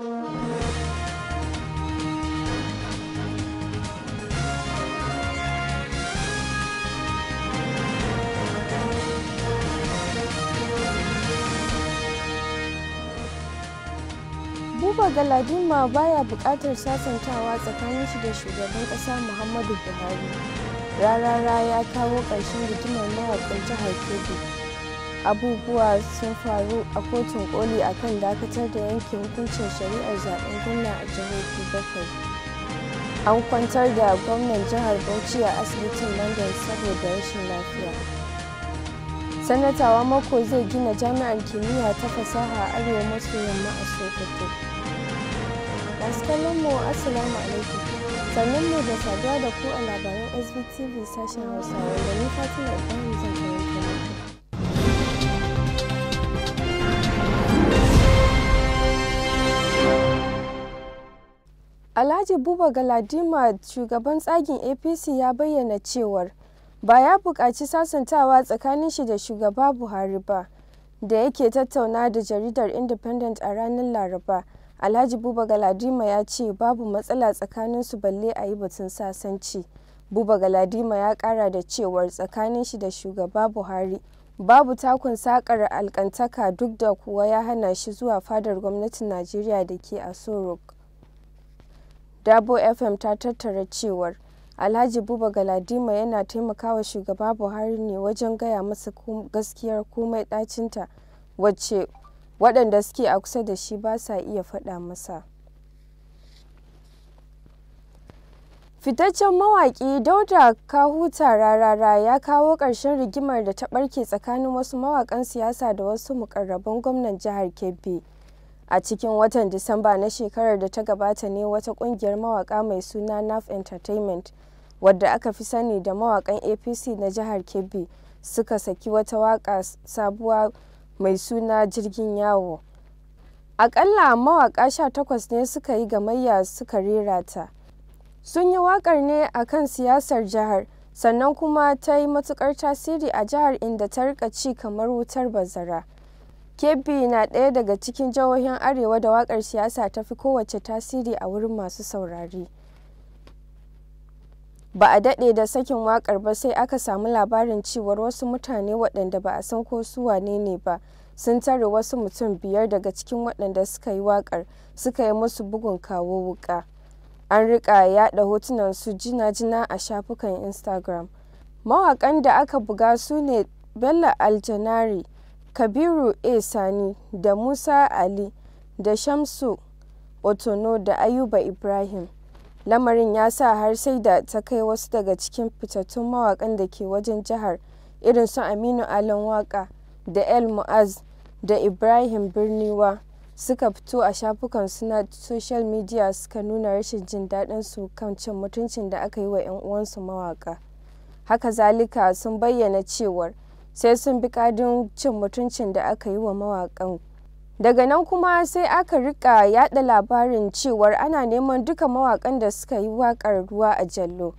Buba Galadima baya buƙatar sasantawa tsakanin shi da shugaban ƙasa Muhammadu Buhari. Rarara ya kawo ƙarshen rikimar mawakar jihar Kebbi. abubuwa sun faru a kotun koli a kan dakatar da yanke hukuncin shari'ar zaben gwamna a jihohi bakwai an kwantar da gwamnan jihar bauchi a asibitin london saboda rashin lafiya sanatawa mako zai gina jami'ar kimiyya ta fasaha arewa maso yamma a sokoto masu kallon mu assalamu alaikum sannan mu da saduwa da ku a labaran sbtv sashen hausa wanda ni fatima ibrahim zan Alhaji Buba Galadima shugaban tsagin APC ya bayyana cewar ba ya buƙaci sasantawa tsakanin shi da shugaba Buhari ba da yake tattauna da jaridar Independent a ranar Laraba. Alhaji Buba Galadima ya ce babu matsala tsakanin su balle a yi batun sasanci. Buba Galadima ya ƙara da cewar tsakanin shi da shugaba Buhari babu takun sakar alkantaka duk da kuwa ya hana shi zuwa fadar gwamnatin Najeriya da ke a Sorok. Dabo FM ta tattara cewar Alhaji Buba Galadima yana taimakawa Shugaba Buhari ne wajen gaya masa gaskiyar komai ɗacinta wacce waɗanda suke a kusa da shi ba sa iya faɗa masa. Fitaccen mawaƙi Dauda Kahuta Rarara ya kawo ƙarshen rigimar da ta ɓarke tsakanin wasu mawaƙan siyasa da wasu muƙarraban gwamnan jihar Kebbi. a cikin watan disamba na shekarar da ta gabata ne wata kungiyar mawaka mai suna naf entertainment wadda aka fi sani da mawakan apc na jihar kebbi suka saki wata waka sabuwa mai suna jirgin yawo akalla mawaka takwas ne suka yi gamayya suka rera ta sun yi wakar ne a kan siyasar jihar sannan kuma ta yi matukar tasiri a jihar inda ta rika ci kamar wutar bazara Kebbi na ɗaya daga cikin jihohin Arewa da waƙar siyasa ta fi kowace tasiri a wurin masu saurari. Ba a daɗe da sakin waƙar ba sai aka samu labarin cewar wasu mutane waɗanda ba a san ko su wane ne ba sun tare wasu mutum biyar daga cikin waɗanda suka yi waƙar suka yi musu bugun kawo wuƙa. An riƙa yaɗa hotunan su jina-jina a shafukan Instagram. Mawaƙan da aka buga su ne Bello Aljanari. Kabiru A. Sani da Musa Ali da Shamsu Otono da Ayuba Ibrahim, lamarin ya sa har sai da ta kai wasu daga cikin fitattun mawakan da ke wajen jihar irin su Aminu Alan Waƙa da El mu'az da Ibrahim Birniwa suka fito a shafukan suna soshal media suka nuna rashin jin daɗin su kan cin mutuncin da aka yi wa 'yan uwansu mawaka Haka zalika sun bayyana cewar sai sun bi kadin cin mutuncin da aka yi wa mawakan daga nan kuma sai aka rika yada labarin cewar ana neman duka mawakan da suka yi wakar ruwa a jallo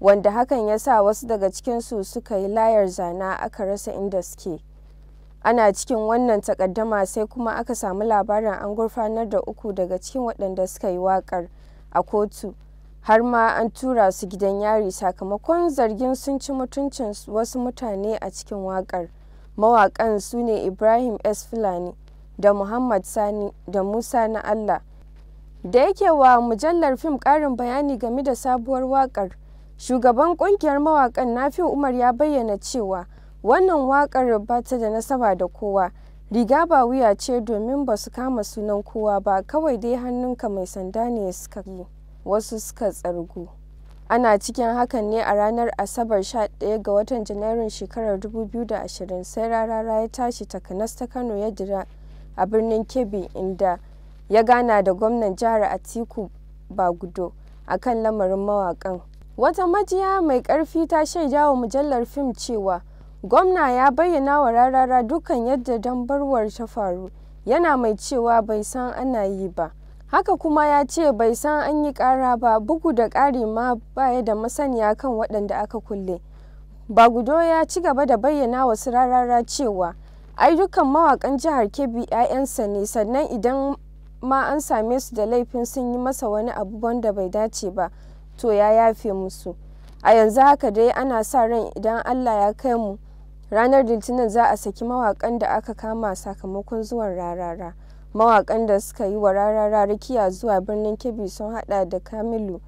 wanda hakan ya sa wasu daga cikinsu suka yi layar zana aka rasa inda suke ana cikin wannan takaddama sai kuma aka samu labarin an gurfanar da uku daga cikin waɗanda suka yi wakar a kotu har ma an tura su gidan yari sakamakon zargin sun ci mutuncin wasu mutane a cikin wakar mawakan su ne ibrahim s fulani da muhammad sani da musa na allah da yake wa mujallar fim karin bayani game da sabuwar wakar shugaban kungiyar mawakan nafi umar ya bayyana cewa wannan wakar ba ta da nasaba da kowa riga ba wuya ce domin ba su kama sunan kowa ba kawai dai hannunka mai sanda ne suka yi wasu suka tsargu. Ana cikin hakan ne a ranar Asabar 11 ga watan Janairun shekarar 2020 sai rarara ya tashi takanas ta Kano ya jira a birnin Kebbi inda ya gana da gwamnan jihar Atiku Bagudo a kan lamarin mawakan. Wata majiya mai ƙarfi ta shaida wa mujallar fim cewa gwamna ya bayyana wa rarara dukkan yadda dambarwar ta faru yana mai cewa bai san ana yi ba. haka kuma ya ce bai san an yi kara ba bugu da ƙari ma baya da masaniya kan waɗanda aka kulle bagudo ya ci gaba da bayyana wasu rarara cewa ai dukkan mawakan jihar kebbi 'ya'yansa ne sannan idan ma an same su da laifin sun yi masa wani abu wanda bai dace ba to ya yafe musu a yanzu haka dai ana sa ran idan allah ya kai mu ranar litinin za a saki mawakan da aka kama sakamakon zuwan rarara mawakan da suka yi wa Rarara rakiya zuwa birnin Kebbi sun hada da Kamilu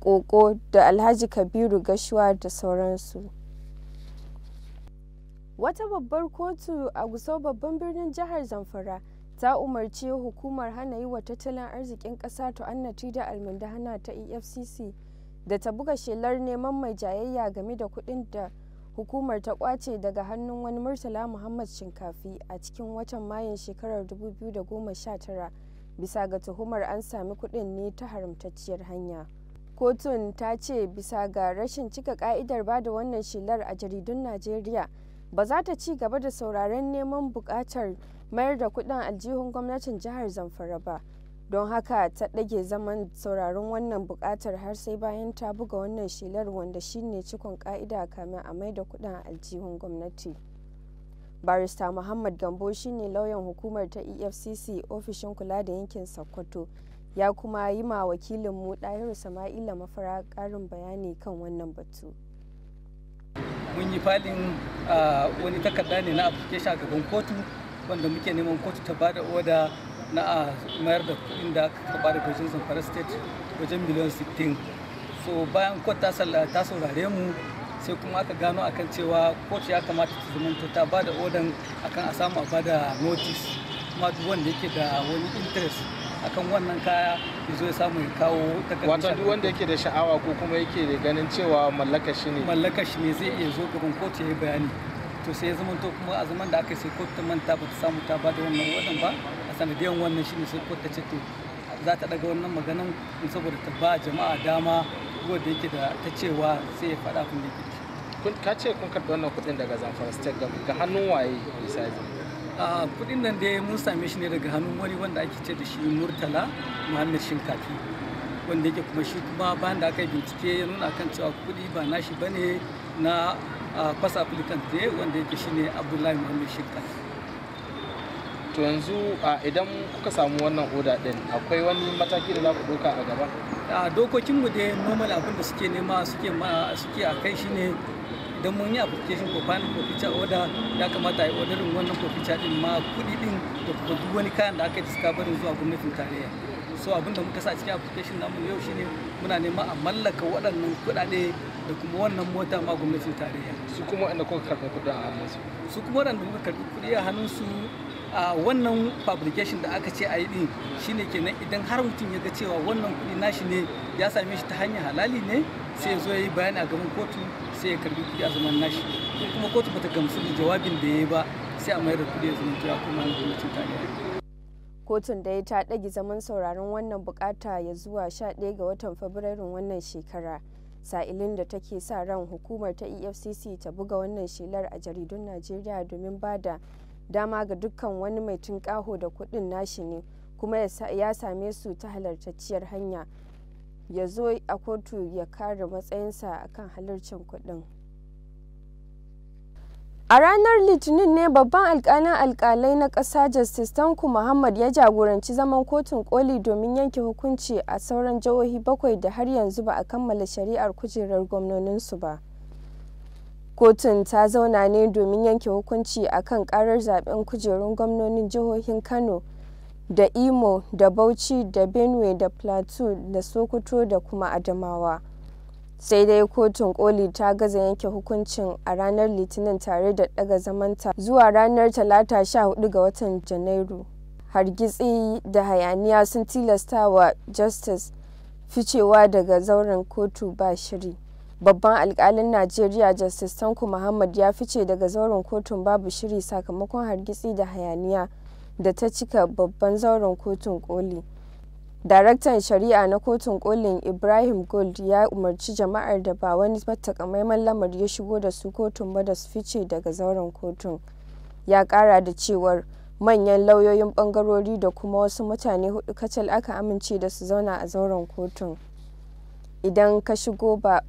Koko da Alhaji Kabiru Gashuwa da sauransu. Wata babbar kotu a Gusau babban birnin jihar Zamfara ta umarci hukumar hana yi wa tattalin arzikin kasa ƙasa ta'annati da almundahana ta EFCC da ta buga shelar neman mai jayayya game da kudin da hukumar ta kwace daga hannun wani murtala muhammad shinkafi a cikin watan mayun shekarar 2019 bisa ga tuhumar an sami kudin ne ta haramtacciyar hanya kotun ta ce bisa ga rashin cika ka'idar ba da wannan shilar a jaridun najeriya ba za ta ci gaba da sauraren neman bukatar mayar da kuɗin aljihun gwamnatin jihar zamfara ba don haka ta ɗage zaman sauraron wannan bukatar har sai bayan ta buga wannan shelar wanda shine cikon ka'ida kamar a mai da kuɗin aljihun gwamnati barista muhammad gambo shine lauyan hukumar ta efcc ofishin kula da yankin sokoto ya kuma yi ma wakilinmu ɗayar sama'ila mafara ƙarin bayani kan wannan batu mun yi falin ah, wani takarda ne na application a gaban kotu wanda muke neman kotu ta bada oda na a mayar da kudin da aka kaba da kwashin zamfara state wajen miliyan 60 so bayan kot ta saurare mu sai kuma aka gano akan cewa kotu ya kamata ta zamanta ta ba da odan akan a samu a bada notis notice kuma duk wanda yake da wani interest akan wannan kaya ya zo ya samu ya kawo takardar wato duk wanda yake da sha'awa ko kuma yake da ganin cewa mallaka shi ne mallaka shi ne zai iya zo gaban kotu ya yi bayani to sai ya to kuma a zaman da aka sai kotu ta manta ba ta samu ta ba da wannan wadan ba sanadiyan wannan shine sai kotu ta ce to za ta daga wannan maganan saboda ta ba jama'a dama da yake da ta cewa sai ya faɗa kun yake kun ka ce kun karɓi wannan kuɗin daga zamfara state ga hannun waye misali a kuɗin nan dai mun same shi ne daga hannun wani wanda ake ce da shi murtala muhammad shinkafi wanda yake kuma shi kuma bayan da aka yi bincike ya nuna kan cewa kuɗi ba nashi bane na fasa applicant ne wanda yake shine abdullahi muhammad shinkafi to yanzu idan kuka samu wannan oda din akwai wani mataki da za ku doka a gaba a mu dai normal abin da suke nema suke ma suke a kai shine idan mun yi application ko final forfeiture order ya kamata a yi odarin wannan forfeiture din ma kuɗi din da kuma duk wani kayan da aka yi barin zuwa gwamnatin tarayya so abin da muka sa cikin application namu yau shine muna nema a mallaka waɗannan kuɗaɗe da kuma wannan mota ma gwamnatin tarayya su kuma waɗanda kuka karɓi kuɗi a hannunsu su kuma waɗanda muka karɓi kuɗi a hannunsu wannan fabrication da aka ce a yi din shine kenan idan har mutum ya ga cewa wannan kuɗi nashi ne ya same shi ta hanyar halali ne sai ya zo ya yi bayani a gaban kotu sai ya karbi kuɗi a zaman nashi ko kuma kotu bata gamsu da jawabin da ya yi ba sai a mayar da kuɗi ya zama ya kuma gwamnatin kotun da ya ta ɗage zaman sauraron wannan bukata ya zuwa 11 ga watan fabrairun wannan shekara sa'ilin da take sa ran hukumar ta efcc ta buga wannan shelar a jaridun najeriya domin bada. dama ga dukkan wani mai tunƙaho da kuɗin nashi ne kuma ya same su ta halartacciyar hanya ya zo a kotu ya kare matsayinsa akan halarcin kuɗin A ranar Litinin ne babban alkalin alkalai na ƙasa Justice Tanku Muhammad ya jagoranci zaman kotun koli domin yanke hukunci a sauran jihohi bakwai da har yanzu ba a kammala shari'ar kujerar gwamnoninsu ba. kotun ta zauna ne domin yanke hukunci akan karar zaben kujerun gwamnonin jihohin kano da imo da bauchi da benue da plateau da sokoto da kuma adamawa sai dai kotun koli ta gaza yanke hukuncin a ranar litinin tare da daga zamanta zuwa ranar talata 14 ga watan janairu hargitsi da hayaniya sun tilasta wa justice ficewa daga zauren kotu ba shiri Babban alkalin Najeriya Justice Tanko Muhammad ya fice daga zauren kotun babu shiri sakamakon hargitsi da hayaniya da ta cika babban zauren kotun koli. Daraktan Shari'a na Kotun Kolin Ibrahim Gold ya umarci jama'ar da ba wani matakamaiman lamari ya shigo da su kotun ba da su fice daga zauren kotun. Ya kara da cewar manyan lauyoyin bangarori da kuma wasu mutane hudu kacal aka amince da su zauna a zauren kotun. Idan ka shigo ba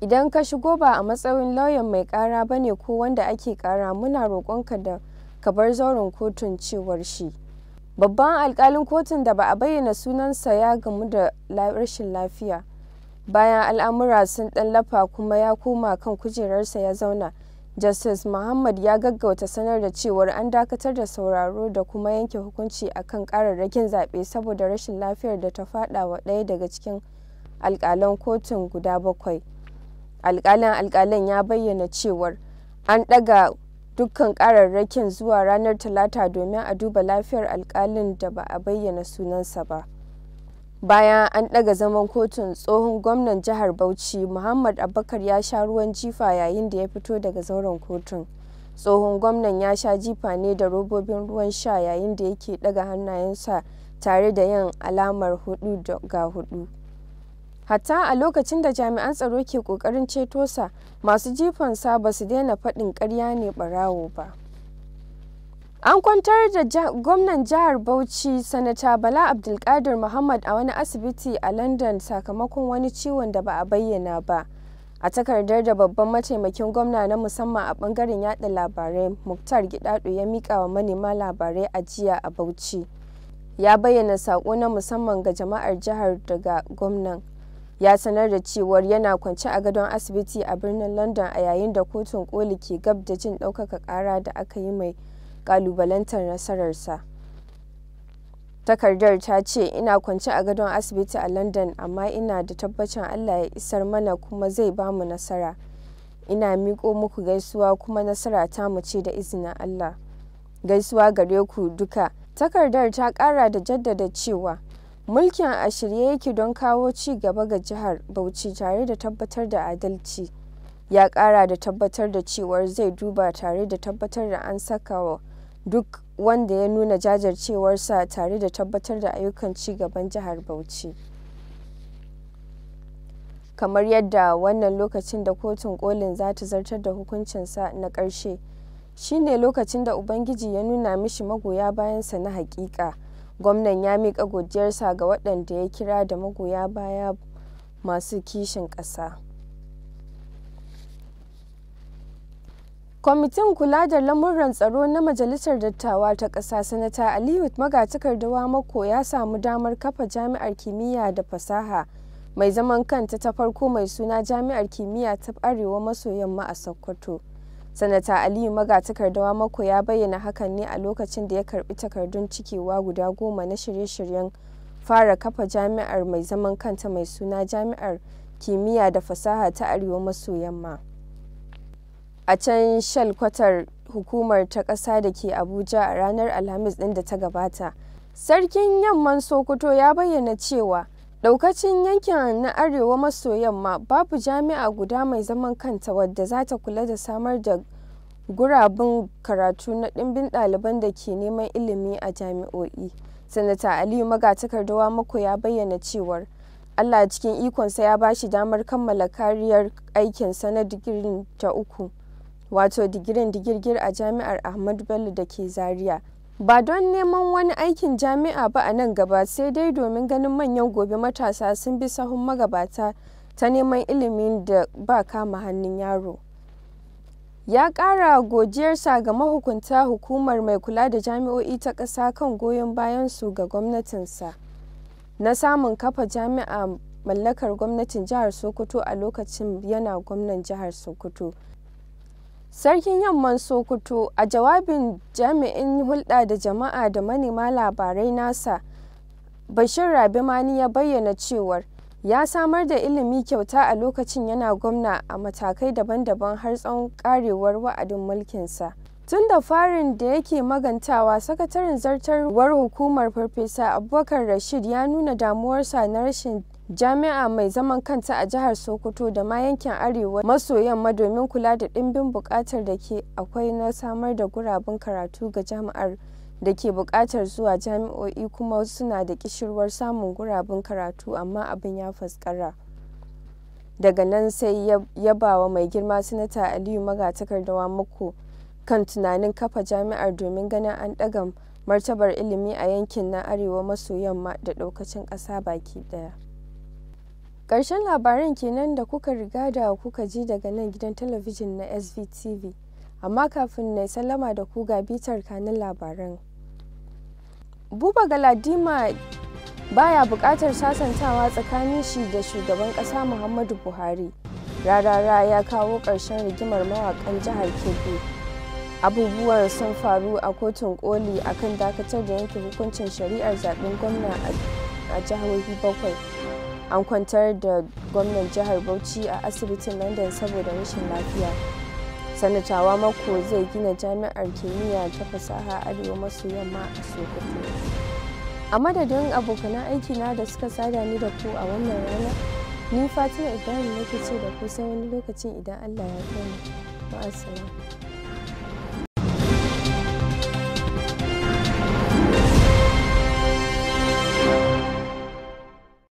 Idan ka shigo ba a matsayin lauyan mai kara ba ne ko wanda ake kara muna roƙonka da ka bar zauren kotun,” cewar shi. Babban alkalin kotun da ba a bayyana sunansa ya gamu da rashin lafiya, bayan al'amura sun dan lafa kuma ya koma kan kujerarsa ya zauna. Justice Muhammad ya gaggauta sanar da cewar an dakatar da sauraro da kuma yanke hukunci akan kararrakin ƙararrakin zaɓe saboda rashin lafiyar da ta faɗa wa ɗaya daga cikin alƙalan kotun guda bakwai. alkalin alkalin ya bayyana cewar an ɗaga dukkan kararrakin zuwa ranar talata domin a duba lafiyar alkalin da ba a bayyana sunansa ba bayan an ɗaga zaman kotun tsohon gwamnan jihar bauchi muhammad abubakar ya sha ruwan jifa yayin da ya fito daga zauren kotun tsohon gwamnan ya sha jifa ne da robobin ruwan sha yayin da yake ɗaga hannayensa tare da yin alamar hudu ga hudu hatta a lokacin da jami'an tsaro ke kokarin ceto sa masu jifansa ba su daina faɗin ƙarya ne barawo ba an kwantar da gwamnan jihar bauchi sanata bala abdulkadir muhammad a wani asibiti a london sakamakon wani ciwon da ba a bayyana ba a takardar da babban mataimakin gwamna na musamman a bangaren yada labarai muktar gidado ya mika wa manema labarai a jiya a bauchi ya bayyana sako na musamman ga jama'ar jihar daga gwamnan ya sanar da cewar yana kwance a gadon asibiti a birnin london a yayin da kotun koli ke gab da jin daukaka kara da aka yi mai ƙalubalantar nasararsa takardar ta ce ina kwance a gadon asibiti a london amma ina da tabbacin allah ya isar mana kuma zai ba mu nasara ina miko muku gaisuwa kuma nasara ta mu ce da izinin allah gaisuwa gare ku duka takardar ta kara da jaddada cewa Mulkin a shirye yake don kawo ci gaba ga Jihar Bauchi tare da tabbatar da adalci, ya kara da tabbatar da cewar zai duba tare da tabbatar da an saka wa duk wanda ya nuna jajircewarsa tare da tabbatar da ayyukan ci gaban Jihar Bauchi. Kamar yadda wannan lokacin da Kotun Kolin za ta zartar da hukuncinsa na karshe shine lokacin da Ubangiji ya nuna mishi magoya bayansa na hakika. Gwamnan ya miƙa godiyarsa ga waɗanda ya kira da magoya baya masu kishin ƙasa. Kwamitin Kula da Lamuran Tsaro na Majalisar Dattawa ta Ƙasa Sanata Aliyu Magatakardawa Mako ya samu damar kafa Jami'ar Kimiyya da Fasaha mai zaman kanta ta farko mai suna Jami'ar Kimiyya ta Arewa maso Yamma a Sokoto. Sanata Aliyu takardawa Mako ya bayyana hakan ne a lokacin da ya karbi takardun cikewa guda goma na shirye-shiryen fara kafa jami'ar mai zaman kanta mai suna Jami'ar Kimiyya da Fasaha ta Arewa maso Yamma. A can shalkwatar hukumar ta ƙasa da ke Abuja a ranar Alhamis ɗin da ta gabata, Sarkin Yamman Sokoto ya bayyana cewa Daukacin yankin na arewa maso yamma babu jami'a guda mai zaman kanta wadda za ta kula da samar da guraben karatu na ɗimbin ɗaliban da ke neman ilimi a jami'o'i. Sanata Aliyu Magatakarda mako ya bayyana cewar, Allah cikin ikonsa ya ba shi damar kammala kariyar aikinsa na digiri ta uku, wato digirin digirgir a Jami'ar Ahmadu Bello da ke Zaria. Ba don neman wani aikin jami'a ba a nan gaba sai dai domin ganin manyan gobe matasa sun bi sahun magabata ta neman ilimin da ba kama hannun yaro. Ya kara godiyarsa ga mahukunta hukumar mai kula da jami'o'i ta ƙasa kan goyon bayansu ga gwamnatinsa na samun kafa jami'a mallakar gwamnatin jihar Sokoto a lokacin yana gwamnan jihar Sokoto. Sarkin Yamman Sokoto a jawabin jami'in hulɗa da jama'a da manema labarai nasa Bashir mani ya bayyana cewar ya samar da ilimi kyauta a lokacin yana gwamna a matakai daban-daban har tsawon karewar wa'adin mulkinsa. Tun da farin da yake magantawa, sakataren zartarwar hukumar Farfesa Abubakar Rashid ya nuna damuwarsa na rashin jami'a mai zaman kanta a jihar Sokoto da ma yankin Arewa maso yamma domin kula da ɗimbin bukatar da ke akwai na samar da guraben karatu ga jami'ar da ke bukatar zuwa jami'o'i kuma suna da ƙishirwar samun guraben karatu amma abin ya faskara. Daga nan sai yabawa mai girma Sanata Aliyu Magatakardawa muku kan tunanin kafa jami'ar domin ganin an ɗaga martabar ilimi a yankin na arewa maso yamma da ɗaukacin ƙasa baki ɗaya. Ƙarshen labaran kenan da kuka riga da kuka ji daga nan gidan talabijin na SVTV. Amma kafin na salama da ku ga bitar kanin labaran. Buba Galadima baya buƙatar sasantawa tsakanin shi da shugaban ƙasa Muhammadu Buhari. Rarara ya kawo ƙarshen rigimar mawaƙan jihar Kebbi. abubuwan sun faru a kotun koli akan dakatar da yanke hukuncin shari'ar zaɓen gwamna a jihohi bakwai. an kwantar da gwamnan jihar bauchi a asibitin london saboda rashin lafiya sanatawa mako zai gina jami'ar kimiyya ta fasaha arewa maso yamma a sokoto a madadin abokanan aikina da suka sada ni da ku a wannan rana ni fatima ibrahim nake ce da ku sai wani lokacin idan allah ya kai mu ma'asala